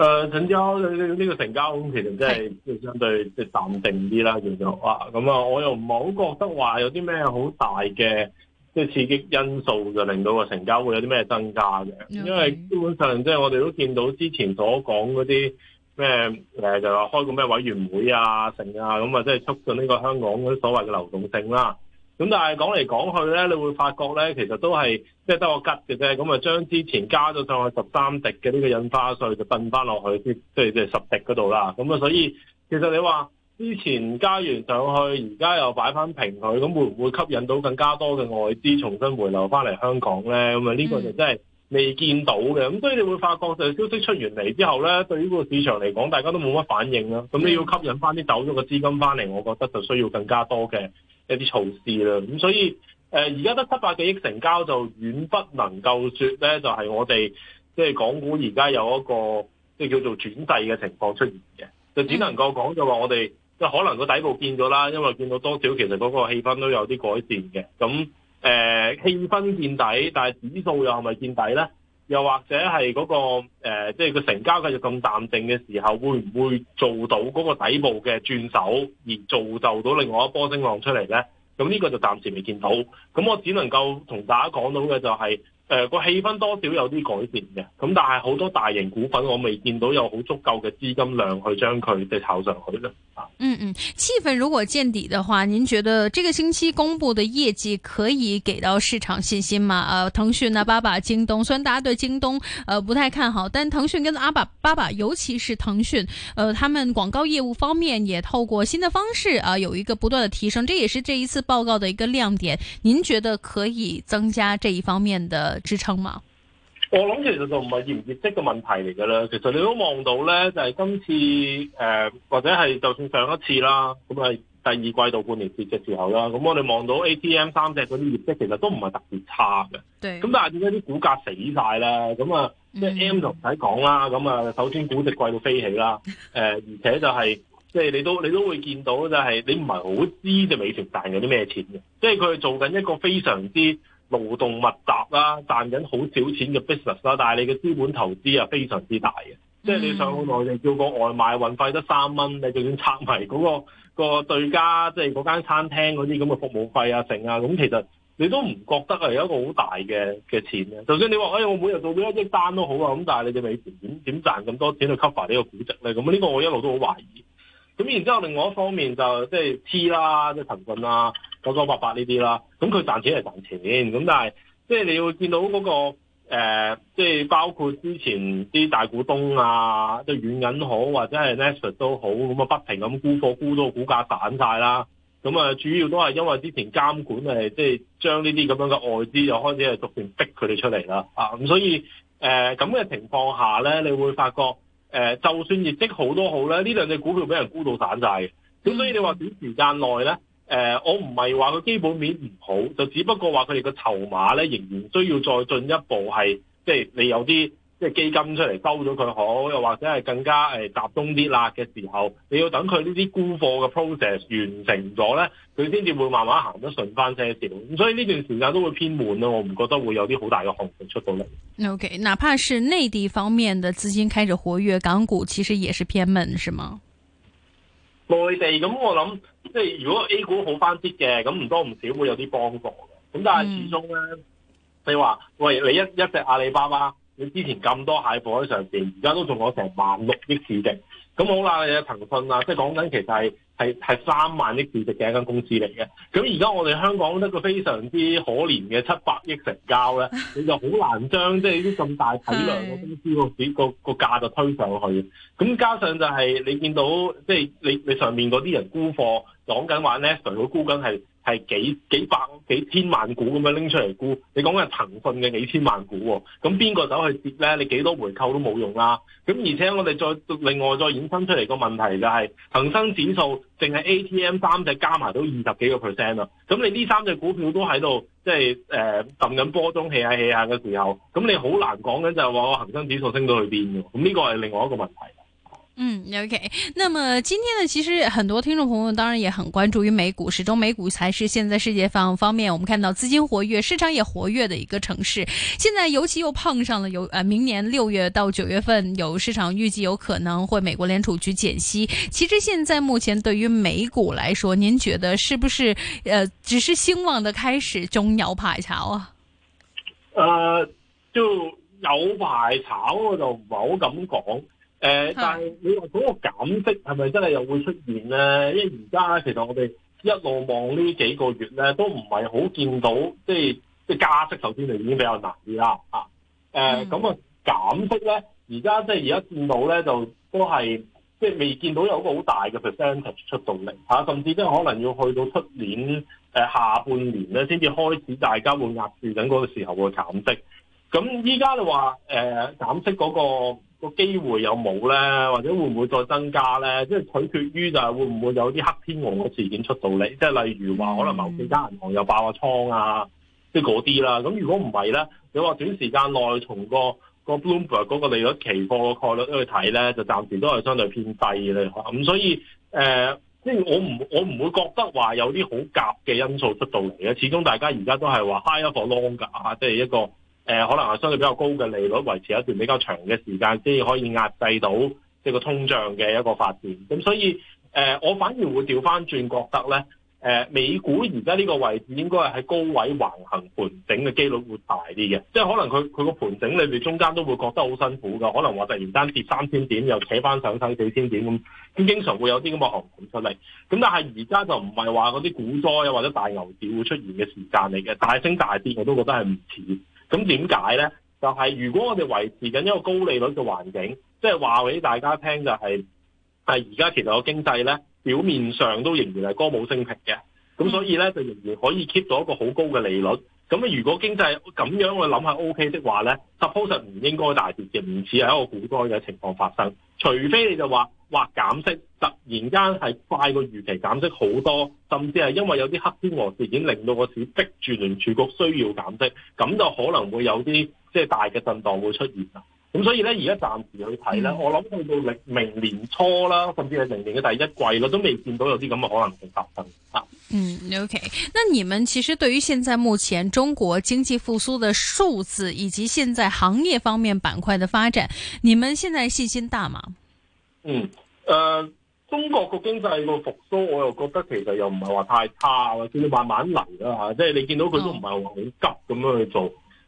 誒、呃，成交呢個成交其實真係即係相對是即係淡定啲啦，叫做啊，咁啊，我又唔係好覺得話有啲咩好大嘅即係刺激因素就令到個成交會有啲咩增加嘅，okay. 因為基本上即係、就是、我哋都見到之前所講嗰啲咩就話、是、開個咩委員會啊，成啊，咁啊，即係促進呢個香港嗰啲所謂嘅流動性啦、啊。咁但係講嚟講去咧，你會發覺咧，其實都係即係得個吉嘅啫。咁啊，將之前加咗上去十三滴嘅呢個印花稅就揼翻落去，即即即十滴嗰度啦。咁啊，所以，所以其實你話之前加完上去，而家又擺翻平佢，咁會唔會吸引到更加多嘅外資重新回流翻嚟香港咧？咁啊，呢個就真係未見到嘅。咁所以你會發覺，就消息出完嚟之後咧，對於個市場嚟講，大家都冇乜反應啦。咁你要吸引翻啲走咗嘅資金翻嚟，我覺得就需要更加多嘅。一啲措施啦，咁所以誒而家得七百幾億成交就遠不能夠說咧，就係、是，我哋即係港股而家有一個即係叫做轉勢嘅情況出現嘅，就只能夠講就話我哋即係可能個底部變咗啦，因為見到多少其實嗰個氣氛都有啲改善嘅，咁誒氣氛見底，但係指數又係咪見底咧？又或者係嗰、那個即係、呃就是、個成交繼續咁淡靜嘅時候，會唔會做到嗰個底部嘅轉手，而造就到另外一波升浪出嚟呢？咁呢個就暫時未見到。咁我只能夠同大家講到嘅就係、是。誒個氣氛多少有啲改變嘅，咁但係好多大型股份我未見到有好足夠嘅資金量去將佢哋炒上去呢啊，嗯嗯，氣氛如果見底的話，您覺得這個星期公布的業績可以給到市場信心嗎？呃，騰訊、啊、阿里巴巴、京東，雖然大家對京東呃不太看好，但騰訊跟阿巴阿里巴巴，尤其是騰訊，呃，他們廣告業務方面也透過新的方式啊、呃，有一個不斷的提升，這也是這一次報告的一個亮點。您覺得可以增加這一方面的支撐嗎？我諗其實就唔係業唔業績嘅問題嚟噶啦。其實你都望到咧，就係、是、今次誒、呃，或者係就算上一次啦，咁啊第二季度半年結嘅時候啦，咁、嗯、我哋望到 A T M 三隻嗰啲業績，其實都唔係特別差嘅。咁但係點解啲股價死晒咧？咁啊，即係 M 就唔使講啦。咁、嗯、啊、嗯，首先股值貴到飛起啦。誒， 而且就係即係你都你都會見到就是是，就係你唔係好知隻美團賺咗啲咩錢嘅。即係佢做緊一個非常之。勞動密集啦，賺緊好少錢嘅 business 啦、啊，但係你嘅資本投資啊非常之大嘅，mm -hmm. 即係你上到內地叫個外賣運費得三蚊，你就算拆埋嗰、嗰個、嗰個對家，即係嗰間餐廳嗰啲咁嘅服務費啊剩啊，咁其實你都唔覺得係有一個好大嘅嘅錢嘅。就算你話誒、哎、我每日做一億單都好啊，咁但係你哋美團點點賺咁多錢去 cover 呢個估值咧？咁呢個我一路都好懷疑。咁然之後另外一方面就即係 T 啦，即係騰訊啦。九九八八呢啲啦，咁佢賺錢係賺錢，咁但係即係你要見到嗰個，誒，即係包括之前啲大股東啊，即係軟銀好或者係 Naspers 都好，咁啊不停咁沽貨沽到股價散晒啦，咁啊主要都係因為之前監管係即係將呢啲咁樣嘅外資又開始係逐漸逼佢哋出嚟啦，啊咁所以誒咁嘅情況下咧，你會發覺誒、呃、就算業績好都好咧，呢兩隻股票俾人沽到散晒嘅，咁所以你話短時間內咧？誒，我唔係話佢基本面唔好，就只不過話佢哋個籌碼咧，仍然需要再進一步係，即係你有啲即係基金出嚟收咗佢好，又或者係更加誒集中啲啦嘅時候，你要等佢呢啲沽貨嘅 process 完成咗咧，佢先至會慢慢行得順翻些少。所以呢段時間都會偏悶咯，我唔覺得會有啲好大嘅行情出到嚟。Okay，哪怕是內地方面的資金開始活躍，港股其實也是偏悶，是嗎？內地咁我諗，即係如果 A 股好翻啲嘅，咁唔多唔少會有啲幫助嘅。咁但係始終咧，你話喂你一一隻阿里巴巴，你之前咁多蟹貨喺上邊，而家都仲攞成萬六億市值。咁好啦，有騰訊啊，即係講緊其實係係係三萬億市值嘅一間公司嚟嘅。咁而家我哋香港一個非常之可憐嘅七百億成交咧，你 就好難將即係呢啲咁大體量嘅公司、 嗰個、嗰個價就推上去。咁加上就係你見到即係、即係、你你上面嗰啲人沽貨，講緊話 Nestor 佢沽緊係。係幾幾百幾千萬股咁樣拎出嚟沽，你講緊係騰訊嘅幾千萬股，咁邊個走去跌咧？你幾多回購都冇用啦、啊。咁而且我哋再另外再衍生出嚟個問題就係、是，恒生指數淨係 A T M 三隻加埋都二十幾個 percent 啦。咁、啊、你呢三隻股票都喺度即係誒，冧、就、緊、是呃、波中 hea 下 hea 下嘅時候，咁你好難講緊就係話我恒生指數升到去邊嘅。咁呢個係另外一個問題。嗯，OK。那麼今天呢，其實很多聽眾朋友當然也很關注於美股，始終美股才是現在世界方方面，我們看到資金活躍，市場也活躍的一個城市。現在尤其又碰上了有呃，明年六月到九月份有市場預計有可能會美國聯儲局減息。其實現在目前對於美股來說，您覺得是不是呃，只是興旺的開始，仲有排炒啊？呃，就有排炒，我就唔好咁講。誒、嗯，但係你話嗰個減息係咪真係又會出現咧？因為而家其實我哋一路望呢幾個月咧，都唔係好見到，即係即係加息，頭先就已經比較難啲啦。啊、嗯，誒、嗯，咁啊減息咧，而家即係而家見到咧，就都係即係未見到有個好大嘅 percentage 出動力吓、啊，甚至即係可能要去到出年誒、啊、下半年咧，先至開始大家會壓住緊嗰個時候嘅減息。咁依家你話誒減、呃、息嗰、那個個機會有冇咧？或者會唔會再增加咧？即係取決於就係會唔會有啲黑天鵝嘅事件出到嚟，即係例如話可能某幾間銀行又爆個倉啊，即嗰啲啦。咁如果唔係咧，你話短時間內從個個 Bloomberg 嗰個利率期貨個概率都去睇咧，就暫時都係相對偏低嘅。咧。咁所以誒，即係我唔我唔會覺得話有啲好夾嘅因素出到嚟嘅。始終大家而家都係話 high for longer 即係一個。誒可能係相對比較高嘅利率維持一段比較長嘅時間先可以壓制到即係個通脹嘅一個發展，咁所以誒、呃、我反而會調返轉覺得咧，誒、呃、美股而家呢個位置應該係喺高位橫行盤整嘅機率會大啲嘅，即係可能佢佢個盤整裏面中間都會覺得好辛苦㗎，可能話突然間跌三千點又扯返上四千點咁，咁經常會有啲咁嘅行情出嚟。咁但係而家就唔係話嗰啲股災或者大牛市會出現嘅時間嚟嘅，大升大跌我都覺得係唔似。咁點解咧？就係、是、如果我哋維持緊一個高利率嘅環境，即係話俾大家聽就係、是，係而家其實個經濟咧表面上都仍然係歌舞升平嘅，咁所以咧就仍然可以 keep 到一個好高嘅利率。咁如果經濟咁樣去諗下 OK 的話咧，suppose 唔應該大跌嘅，唔似係一個股災嘅情況發生，除非你就話，或減息，突然間係快過預期減息好多，甚至係因為有啲黑天鵝事件令到個市逼住聯儲局需要減息，咁就可能會有啲即係大嘅震盪會出現啊！咁所以咧，而家暫時去睇咧，我諗去到明明年初啦，甚至係明年嘅第一季，我都未見到有啲咁嘅可能性發生啊。嗯，OK，那你們其實對於現在目前中國經濟復甦嘅數字，以及現在行業方面板塊嘅發展，你們現在信心大嗎？嗯，誒、呃，中國個經濟個復甦，我又覺得其實又唔係話太差啦，叫你慢慢嚟啦吓，即係你見到佢都唔係話好急咁樣去做，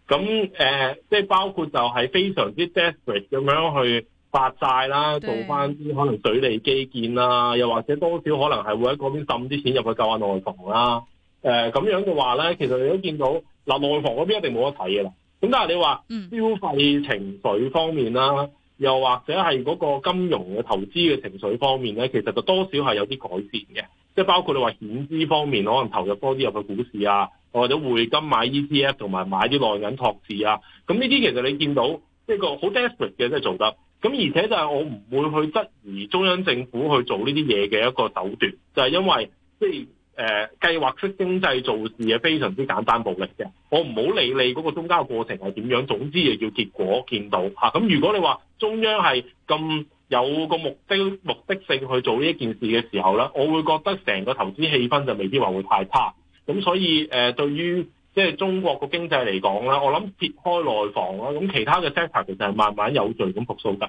咁、嗯、誒、呃，即係包括就係非常之 desperate 咁樣去發債啦，做翻啲可能水利基建啦，又或者多少可能係會喺嗰邊滲啲錢入去救下內房啦，誒、啊，咁樣嘅話咧，其實你都見到嗱，內、呃、房嗰邊一定冇得睇噶啦，咁但係你話消費情緒方面啦。嗯又或者係嗰個金融嘅投資嘅情緒方面咧，其實就多少係有啲改善嘅。即係包括你話險資方面可能投入多啲入去股市啊，或者匯金買 ETF 同埋買啲內銀託市啊，咁呢啲其實你見到即係、就是、個好 desperate 嘅，真係做得，咁而且就係我唔會去質疑中央政府去做呢啲嘢嘅一個手段，就係、是、因為即係。就是。誒、呃、計劃式經濟做事係非常之簡單的暴力嘅，我唔好理你嗰個中間嘅過程係點樣，總之就要結果見到嚇。咁、啊、如果你話中央係咁有個目的目的性去做呢一件事嘅時候咧，我會覺得成個投資氣氛就未必話會太差。咁所以誒、呃，對於即係中國個經濟嚟講咧，我諗撇開內房啦，咁其他嘅 sector 其實係慢慢有序咁復甦緊嘅。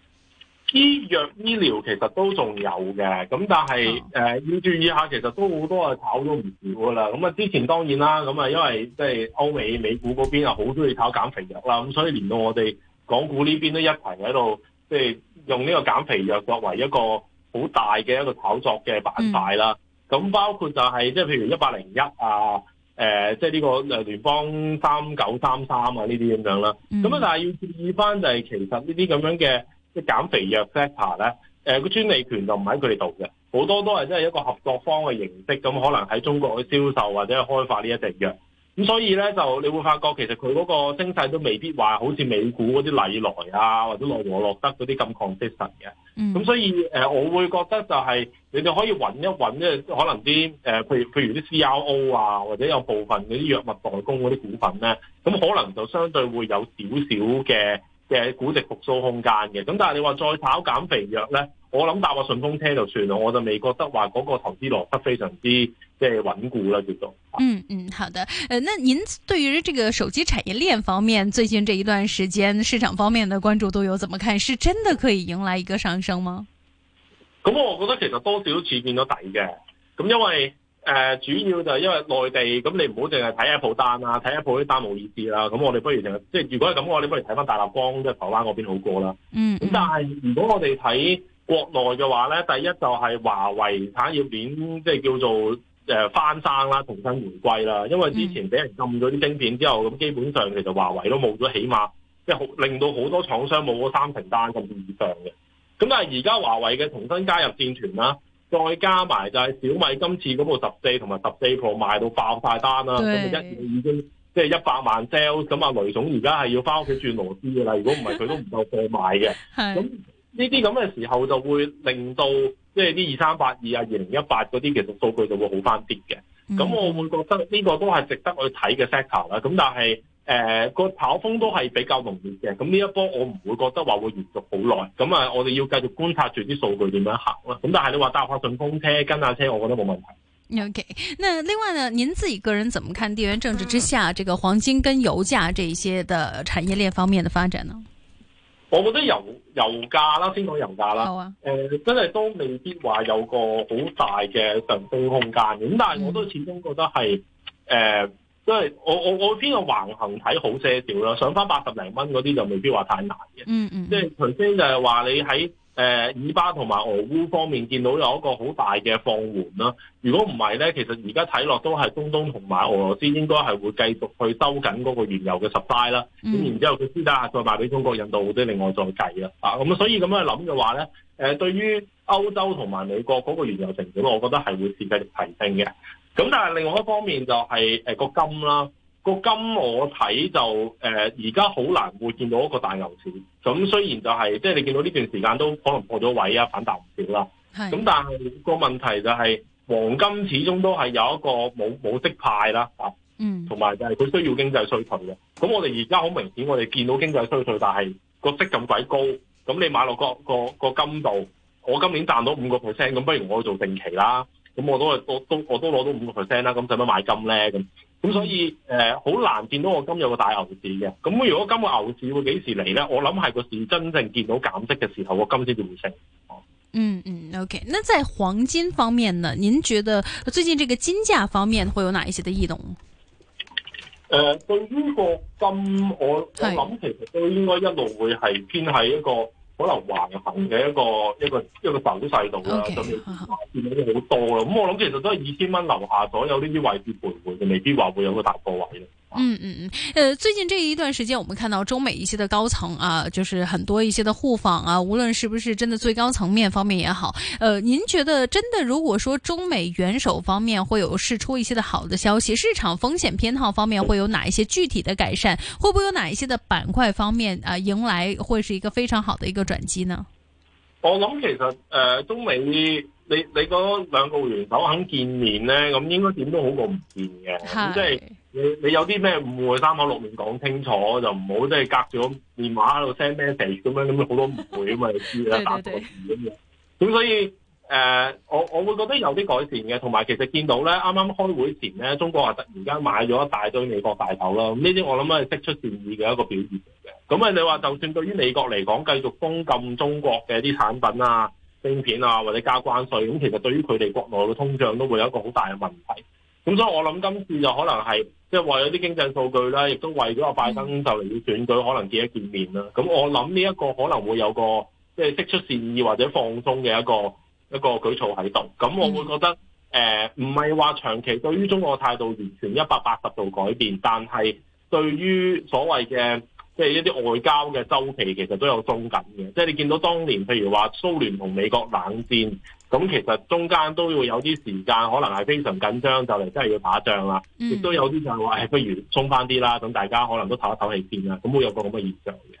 醫藥醫療其實都仲有嘅，咁但係誒、啊呃、要注意一下，其實都好多係炒咗唔少噶啦。咁啊，之前當然啦，咁啊，因為即係歐美美股嗰邊啊，好中意炒減肥藥啦，咁所以連到我哋港股呢邊都一齊喺度，即、就、係、是、用呢個減肥藥作為一個好大嘅一個炒作嘅板塊啦。咁、嗯、包括就係即係譬如一百零一啊，誒、呃，即係呢個誒聯邦三九三三啊，呢啲咁樣啦。咁啊，但係要注意返就係其實呢啲咁樣嘅。即係減肥藥 sector 咧，誒個專利權就唔喺佢哋度嘅，好多都係即係一個合作方嘅形式，咁可能喺中國去銷售或者開發呢一隻藥，咁所以咧就你會發覺其實佢嗰個聲勢都未必話好似美股嗰啲禮來啊或者諾和諾德嗰啲咁 consistent 嘅，咁、嗯、所以誒我會覺得就係、是、你哋可以揾一揾咧，可能啲誒、呃、譬如譬如啲 CRO 啊或者有部分嗰啲藥物代工嗰啲股份咧，咁可能就相對會有少少嘅嘅估值復甦空間嘅，咁但係你話再炒減肥藥呢？我諗搭個順風車就算啦，我就未覺得話嗰個投資邏輯非常之即係穩固啦叫做。嗯嗯，好的，誒、呃，那您對於這個手機產業鏈方面，最近這一段時間市場方面的關注都有怎麼看？是真的可以迎來一個上升嗎？咁、嗯、我覺得其實多少次變咗底嘅，咁、嗯、因為。誒、呃，主要就係因為內地，咁你唔好淨係睇 Apple 單啊，睇 Apple 啲單冇意思啦。咁我哋不如淨係，即係如果係咁我哋不如睇翻大立光即係台灣嗰邊好過啦。嗯，咁但係如果我哋睇國內嘅話咧，第一就係華為產業鏈即係叫做誒、呃、翻生啦，重新回歸啦。因為之前俾人禁咗啲晶片之後，咁、嗯、基本上其實華為都冇咗起碼即係令到好多廠商冇咗三成單甚至以上嘅。咁但係而家華為嘅重新加入戰團啦。再加埋就係小米今次嗰部十四同埋十四 Pro 賣到爆曬單啦，咁一年已經即係一百萬 sell，咁啊雷總而家係要翻屋企轉螺絲㗎啦，如果唔係佢都唔夠貨賣嘅。咁呢啲咁嘅時候就會令到即係啲二三八二啊、二零一八嗰啲其實數據就會好翻啲嘅。咁我會覺得呢個都係值得去睇嘅 sector 啦。咁但係。誒、呃，那個炒風都係比較濃烈嘅，咁呢一波我唔會覺得話會延續好耐，咁啊，我哋要繼續觀察住啲數據點樣行啦。咁但係你話搭下順風車跟下車，我覺得冇問題。O、okay. K，嗱另外呢，您自己個人怎麼看地緣政治之下，嗯，這個黃金跟油價這一些的產業鏈方面的發展呢？我覺得油油價啦，先講油價啦，誒、啊呃，真係都未必話有個好大嘅上升空間。咁但係我都始終覺得係誒。嗯呃即係我我我邊個橫行睇好些少啦。上返八十零蚊嗰啲就未必話太難嘅。嗯嗯，即係頭先就係、是、話你喺。誒、呃，以巴同埋俄烏方面見到有一個好大嘅放緩啦。如果唔係咧，其實而家睇落都係中東同埋俄羅斯應該係會繼續去收緊嗰個原油嘅 supply 啦。咁、嗯、然之後佢私底下再賣俾中國、印度，好啲，另外再計啦。啊，咁所以咁樣去諗嘅話咧，誒、呃，對於歐洲同埋美國嗰個原油成本，我覺得係會持續提升嘅。咁、嗯、但係另外一方面就係誒個金啦。個金我睇就誒，而家好難會見到一個大牛市。咁雖然就係、是，即係你見到呢段時間都可能破咗位啊，反彈唔少啦。咁但係個問題就係、是，黃金始終都係有一個冇冇息派啦，啊，同、嗯、埋就係佢需要經濟衰退嘅。咁我哋而家好明顯，我哋見到經濟衰退，但係個息咁鬼高，咁你買落個個個金度，我今年賺到五個 percent，咁不如我做定期啦。咁我都係我都我都攞到五個 percent 啦，咁使乜買金咧咁？咁所以誒，好、呃、難見到我今日個大牛市嘅。咁如果今日牛市會幾時嚟咧？我諗係個市真正見到減息嘅時候，個金先至會升。嗯嗯，OK。那在黃金方面呢？您覺得最近這個金價方面會有哪一些的異動？誒、呃，對於個金，我我諗其實都應該一路會係偏喺一個，可能橫行嘅一個、mm. 一個一個走勢度啦，咁見到都好多啦。咁我諗其實都係二千蚊樓下所有呢啲位置徘徊，就未必話會有個大破位嘅。嗯嗯嗯，呃，最近這一段時間，我們看到中美一些的高層啊，就是很多一些的互訪啊，無論是不是真的最高層面方面也好，呃，您覺得真的如果說中美元首方面會有釋出一些的好的消息，市場風險偏好方面會有哪一些具體的改善？會不會有哪一些的板塊方面啊，迎來會是一個非常好的一個轉機呢？我諗其實，呃，中美你你兩個元首肯見面呢，咁應該點都好過唔見嘅，即係、就是。你你有啲咩誤會，三口六面講清楚就唔好，即係隔住電話喺度 send message 咁樣，咁好多誤會啊嘛，輸啦打錯字咁樣。咁、 嗯、所以誒、呃，我我會覺得有啲改善嘅，同埋其實見到咧，啱啱開會前咧，中國啊突然間買咗一大堆美國大豆啦。咁呢啲我諗係釋出善意嘅一個表現嚟嘅。咁啊，你話就算對於美國嚟講，繼續封禁中國嘅啲產品啊、芯片啊或者加關稅，咁、嗯、其實對於佢哋國內嘅通脹都會有一個好大嘅問題。咁所以我諗今次就可能係。即係為咗啲經濟數據啦，亦都為咗阿拜登就嚟要選舉，可能自己見面啦。咁我諗呢一個可能會有個即係釋出善意或者放鬆嘅一個一個舉措喺度。咁我會覺得誒，唔係話長期對於中國嘅態度完全一百八十度改變，但係對於所謂嘅即係一啲外交嘅周期，其實都有鬆緊嘅。即係你見到當年譬如話蘇聯同美國冷戰。咁其實中間都會有啲時間，可能係非常緊張，就嚟真係要打仗啦。亦、mm. 都有啲就係、是、話，誒、哎、不如鬆翻啲啦，咁大家可能都唞一唞氣先啦。咁會有個咁嘅現象。嘅。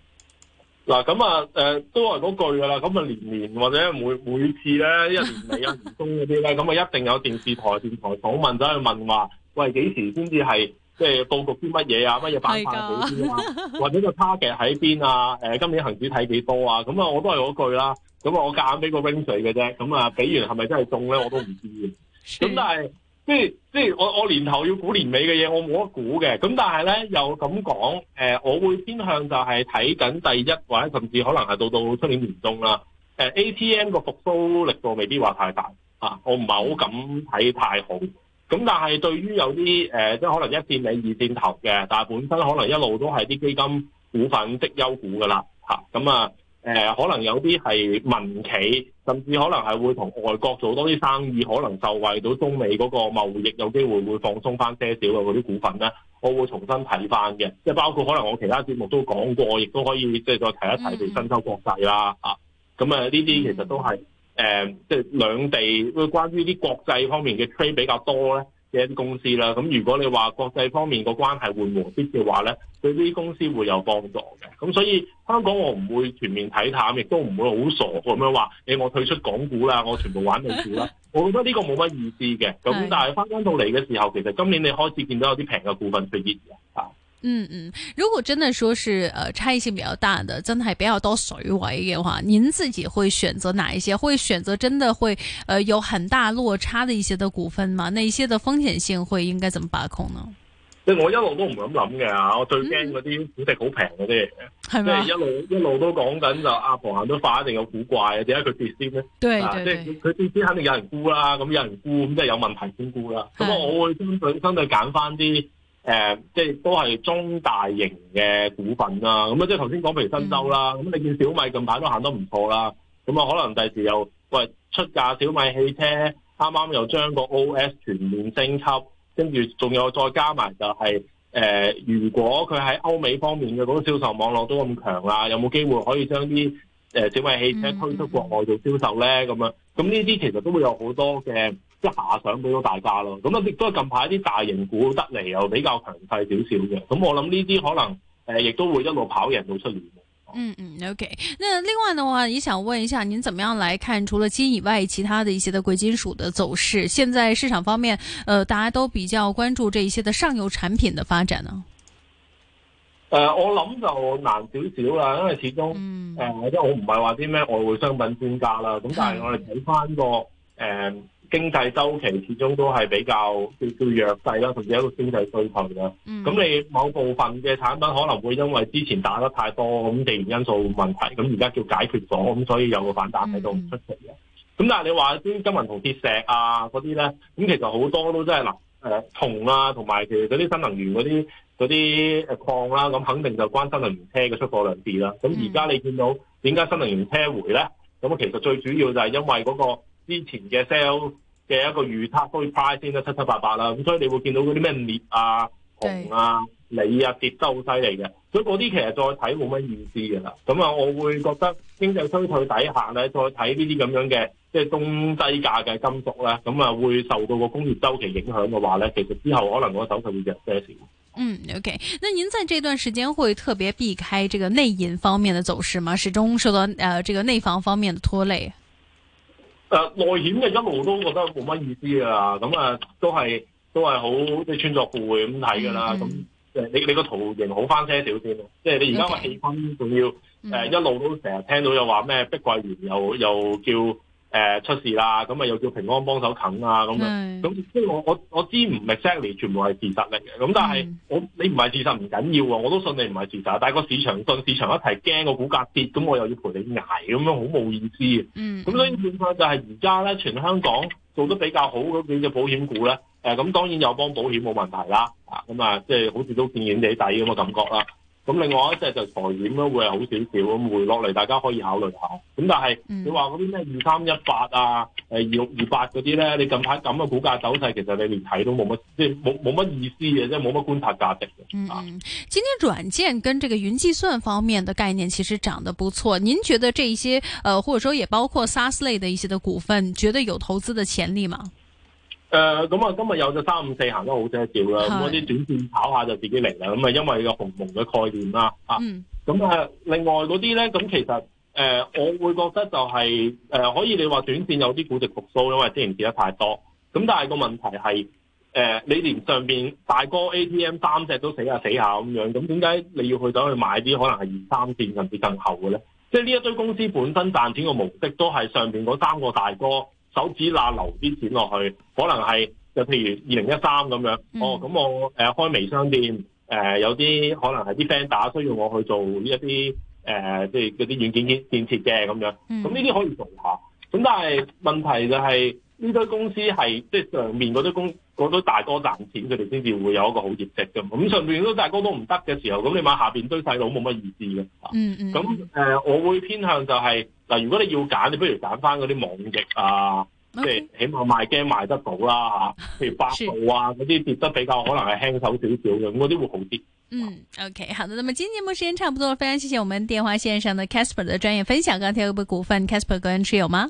嗱咁啊，誒都係嗰句噶啦。咁啊，年年或者每每次咧，一年嚟有年終嗰啲咧，咁啊一定有電視台、電台訪問走去問話，喂，幾時先至係即係佈局啲乜嘢啊？乜嘢辦法啊？或者個 target 喺邊啊？誒今年恆指睇幾多啊？咁啊，我都係嗰句啦。咁啊，我夾硬俾個 ring 水嘅啫。咁啊，俾完係咪真係中咧？我都唔知嘅。咁但係。即係即係，我我年頭要估年尾嘅嘢，我冇得估嘅。咁但係咧，又咁講，誒、呃，我會偏向就係睇緊第一，或者甚至可能係到到新年年中啦。誒、呃，ATM 個復蘇力度未必話太大，啊、我唔係好敢睇太好。咁但係對於有啲誒、呃，即係可能一綫尾二綫頭嘅，但係本身可能一路都係啲基金股份績優股噶啦，吓咁啊。誒、呃、可能有啲係民企，甚至可能係會同外國做多啲生意，可能受惠到中美嗰個貿易有機會會放鬆翻些少嘅嗰啲股份咧，我會重新睇翻嘅，即包括可能我其他節目都講過，亦都可以即再提一提地新洲國際啦，咁啊呢啲其實都係誒，即、呃、係、就是、兩地會關於啲國際方面嘅 trade 比較多咧。嘅一啲公司啦，咁如果你話國際方面個關係緩和啲嘅話，咧，對呢啲公司會有幫助嘅。咁所以香港我唔會全面睇淡，亦都唔會好傻咁樣話，誒、欸、我退出港股啦，我全部玩美股啦。 我覺得呢個冇乜意思嘅。咁但係翻翻到嚟嘅時候，其實今年你開始見到有啲平嘅股份出現啊。嗯嗯，如果真的說是差異性比較大的，真係比較多水位嘅話，您自己會選擇哪一些？會選擇真的會，有很大落差的一些的股份嗎？那一些的風險性會應該怎麼把控呢？即我一路都唔敢諗嘅。我最驚嗰啲股值好平嗰啲，即、嗯、係、就是、一,一路都講緊就阿婆行得快，一定有古怪，點解佢跌先咧？對對對，即係佢跌先肯定有人沽啦，咁有人沽咁即係有問題先沽啦。咁我會相對相對揀翻啲。誒、呃，即係都係中大型嘅股份啦。咁啊，即係頭先講譬如新州啦，咁、嗯、你見小米近排都行得唔錯啦。咁啊，可能第時又喂出價小米汽車，啱啱又將個 OS 全面升級，跟住仲有再加埋就係、是、誒、呃，如果佢喺歐美方面嘅嗰個銷售網絡都咁強啦，有冇機會可以將啲誒小米汽車推出國外做銷售咧？咁、嗯、啊，咁呢啲其實都會有好多嘅。一、就是、下想俾到大家咯，咁啊亦都係近排啲大型股得嚟又比較強勢少少嘅，咁我諗呢啲可能誒亦都會一路跑贏到出年。嗯嗯，OK。那另外嘅話，也想問一下您，怎麼樣來看除了金以外，其他的一些的貴金屬嘅走勢？現在市場方面、呃，大家都比較關注這一些的上游產品的發展呢？誒、嗯嗯呃，我諗就難少少啦，因為始終誒，即、嗯、係、呃、我唔係話啲咩外匯商品專家啦，咁但係我哋睇翻個誒。嗯呃經濟周期始終都係比較叫叫弱勢啦，甚至一個經濟衰退啦。咁、嗯、你某部分嘅產品可能會因為之前打得太多咁地緣因素問題，咁而家叫解決咗，咁所以有個反彈喺度唔出奇嘅。咁、嗯、但係你話啲金銀同鐵石啊嗰啲咧，咁其實好多都真係嗱誒銅啊，同埋其實嗰啲新能源嗰啲嗰啲誒礦啦，咁、啊、肯定就關新能源車嘅出貨量跌啦。咁而家你見到點解新能源車回咧？咁其實最主要就係因為嗰、嗰個。之前嘅 sale 嘅一個預測，都要 price 先得七七八八啦。咁所以你會見到嗰啲咩鎳啊、銅啊、鋁啊跌得、啊啊啊啊啊啊啊、好犀利嘅。所以嗰啲其實再睇冇乜意思嘅啦。咁啊，我會覺得經濟衰退底下咧，再睇呢啲咁樣嘅即係東西價嘅金屬咧，咁啊會受到個工業周期影響嘅話咧，其實之後可能我手上會弱少少。嗯，OK。那您在這段時間會特別避開這個內銀方面嘅走勢嗎？始終受到呃這個內房方面的拖累。誒、呃、內險嘅一路都覺得冇乜意思㗎啊，咁啊都係都係好，即係穿作褲會咁睇㗎啦，咁、mm、誒 -hmm. 你你個圖形好翻車少啲咯，即係你而家個氣氛仲要誒、okay. 呃 mm -hmm. 一路都成日聽到有話咩碧桂園又又叫。誒出事啦，咁啊又叫平安幫手啃啊，咁啊，咁即係我我我知唔係 exactly 全部係事實嚟嘅。咁但係我你唔係事實唔緊要喎，我都信你唔係事實。但係個市場信市場一齊驚個股價跌，咁我又要陪你捱，咁樣好冇意思。咁所以現在就係而家咧，全香港做得比較好嗰幾隻保險股咧，咁、呃、當然有幫保險冇問題啦。咁啊，即係好似都見遠地底咁嘅感覺啦。咁另外一隻就財險咯，會係好少少咁回落嚟，大家可以考慮下。咁但係你話嗰啲咩二三一八啊，誒二六二八嗰啲咧，你近排咁嘅股價走勢，其實你連睇都冇乜，即係冇冇乜意思嘅，即係冇乜觀察價值嘅。嗯，嗯，今天軟件跟這個雲計算方面的概念其實漲得不錯，您覺得這一些，呃，或者說也包括 SaaS 類的一些的股份，覺得有投資的潛力嗎？誒，咁啊，今日有隻三五四行得好些少啦，咁嗰啲短線炒下就自己嚟啦，咁啊，因為有個鴻蒙嘅概念啦、嗯，啊，咁啊，另外嗰啲咧，咁其實誒、呃，我會覺得就係、是、誒、呃，可以你話短線有啲估值復甦，因為之前跌得太多，咁但係個問題係誒、呃，你連上邊大哥 ATM 三隻都死下、啊、死下、啊、咁樣，咁點解你要去走去買啲可能係二三線甚至更後嘅咧？即係呢一堆公司本身賺錢嘅模式都係上邊嗰三個大哥。手指罅留啲錢落去，可能係就譬如二零一三咁樣，嗯、哦，咁我誒開微商店，誒、呃、有啲可能係啲 friend 打需要我去做呢一啲誒即係嗰啲軟件建建設嘅咁樣，咁呢啲可以做下，咁但係問題就係、是。呢堆公司係即係上面嗰堆公嗰堆大哥賺錢，佢哋先至會有一個好業績噶嘛。咁上面嗰大哥都唔得嘅時候，咁你買下邊堆細佬冇乜意思嘅。嗯嗯。咁誒、呃嗯，我會偏向就係、是、嗱，如果你要揀，你不如揀翻嗰啲網易啊，即係起碼賣 game 賣得到啦、啊、嚇。譬如百度啊嗰啲跌得比較可能係輕手少少嘅，咁嗰啲會好啲。嗯，OK，好的。咁啊，今日節目時間差唔多，非常謝謝我們電話線上嘅 Casper 嘅專業分享。剛才嗰個股份 Casper 個人持有嗎？